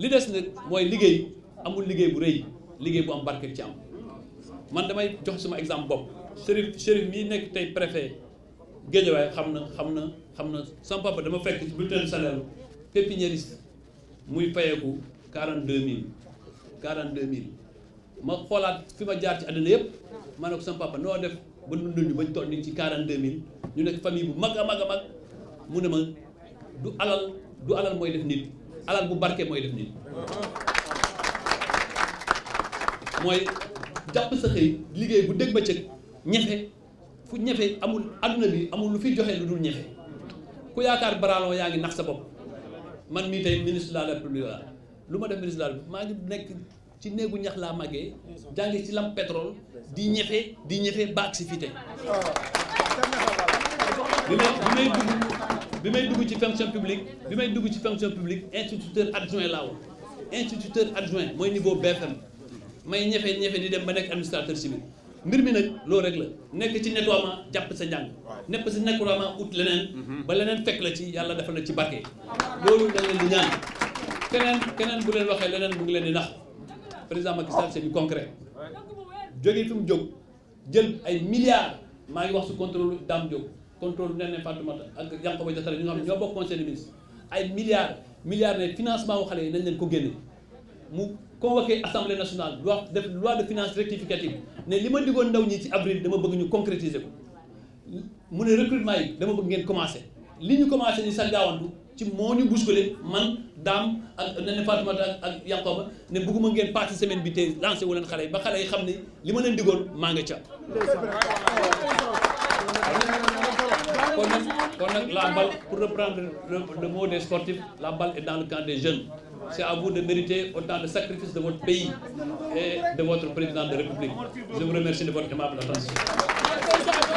li des nag mooy liggéey amul liggéey bu rëy liggéey bu am barke ci am man damay jox sama exemple bopp Chérif Chérif mii nekk tey préfet Guédiawaye xam na xam na xam na sama papa dama fekk ci bulletin salaire pépiniériste muy fayeeku quarante deux mille quarante deux mille ma xoolaat fi ma jaar ci àddina yëpp ma ne ko sama papa noo def ba dunduñu bañ toll nii ci quarante deux mille ñu nekk famille bu mag a mag a mag mu ne ma du alal du alal mooy def nit alal bu barke mooy def nit mooy jàpp sa xëy liggéey bu dégg ba cëg ñefe fu ñefe amul adduna bi amul lu fi joxe lu dul ñefe ku yaakaar baraaloo yaa ngi nax sa bopp man mii tey ministre de la république la lu ma def ministre de la république maa ngi nekk ci néegu ñax laa màggee jàngi ci lam pétrole di ñefe di ñefe baag si fii tey ah. li may dugg bi may dugg ci fonction publique bi may dugg ci fonction publique instituteur adjoint laa woon instituteur adjoint mooy niveau BFM may ñefe ñefe di dem ba nekk administrateur civil mbir mi nag loolu rek la nekk ci nettoiement jàpp sa njàng nekk ci nettoiement ut leneen mhm. ba leneen fekk la ci yàlla defal la ci barke loolu da leen di ñaan keneen keneen bu leen waxee leneen mu ngi leen di nax président Macky Sall c'est du concret jóge fi mu jóg jël ay milliards maa ngi wax su contrôle Dame Diop contrôle nee nañ Fatoumata ak Yankhoba Diattara ñu nga xam ne ñoo bokk conseil des ministres ay milliards milliards ne financement wu xale yi nañ leen ko génne mu convoqué assemblée nationale loi def loi de finance rectificative ne li ma digoon ndaw ñi ci avril dama bëgg ñu concrétiser ko mu ne recrutement yi dama bëgg ngeen commencé li ñu commencé ni sa gaawantu ci moo ñu bousculé man daam ak ne Fatoumata ak ak Yankhoba ne bëgguma ngeen parti semaine bi tey lancé wu leen xale yi ba xale yi xam ne li ma leen digoon maa nga ca kon nag la balle pour reprendre le, le mot des sportifs la balle est dans le camp des jeunes c'est à vous de mériter autant de sacrifices de votre pays et de votre président de République je vous remercie de votre aimable attention